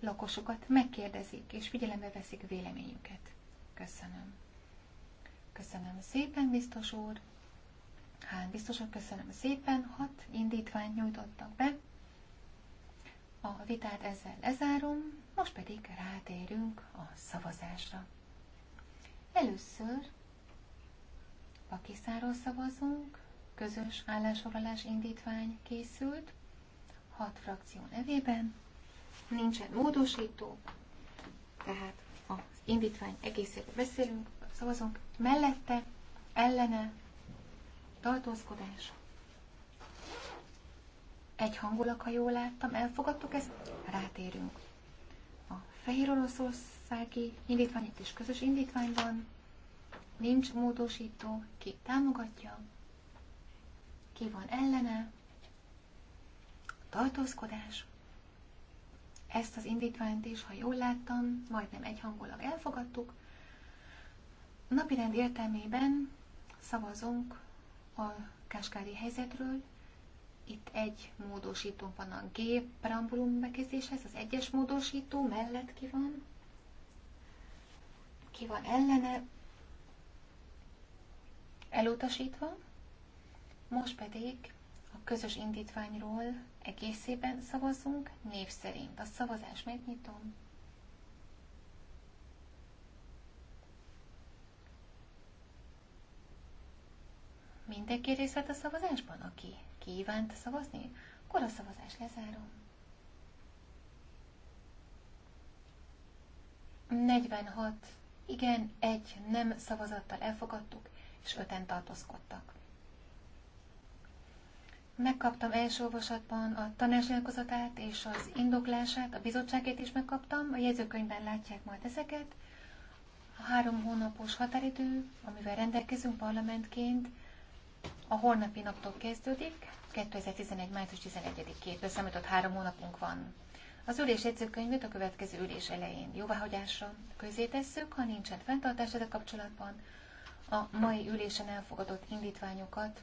lakosokat megkérdezik, és figyelembe veszik véleményüket. Köszönöm. Köszönöm szépen, biztos úr. Hát, biztos úr, köszönöm szépen. Hat indítványt nyújtottak be. A vitát ezzel lezárom, most pedig rátérünk a szavazásra. Először Pakisztánról szavazunk, közös állásfoglalás indítvány készült, hat frakció nevében, nincsen módosító, tehát az indítvány egészéről beszélünk, szavazunk mellette, ellene, tartózkodás. Egy hangulak, ha jól láttam, elfogadtuk ezt, rátérünk. A fehér oroszországi indítvány itt is közös indítványban, nincs módosító, ki támogatja, ki van ellene, tartózkodás, ezt az indítványt is, ha jól láttam, majdnem egyhangulag elfogadtuk. Napirend értelmében szavazunk a káskári helyzetről. Itt egy módosító van a G preambulum bekezdéshez, az egyes módosító mellett ki van, ki van ellene, elutasítva. Most pedig a közös indítványról egészében szavazunk, név szerint. A szavazás megnyitom. Mindenki részt vett a szavazásban, aki kívánt szavazni? Akkor a szavazás lezárom. 46 igen, egy nem szavazattal elfogadtuk, és öten tartózkodtak. Megkaptam első olvasatban a tanácsnyilkozatát és az indoklását, a bizottságét is megkaptam, a jegyzőkönyvben látják majd ezeket. A három hónapos határidő, amivel rendelkezünk parlamentként, a holnapi naptól kezdődik, 2011. május 11-től számított három hónapunk van. Az ülés jegyzőkönyvét a következő ülés elején jóváhagyásra közé tesszük, ha nincsen fenntartás ezzel kapcsolatban, a mai ülésen elfogadott indítványokat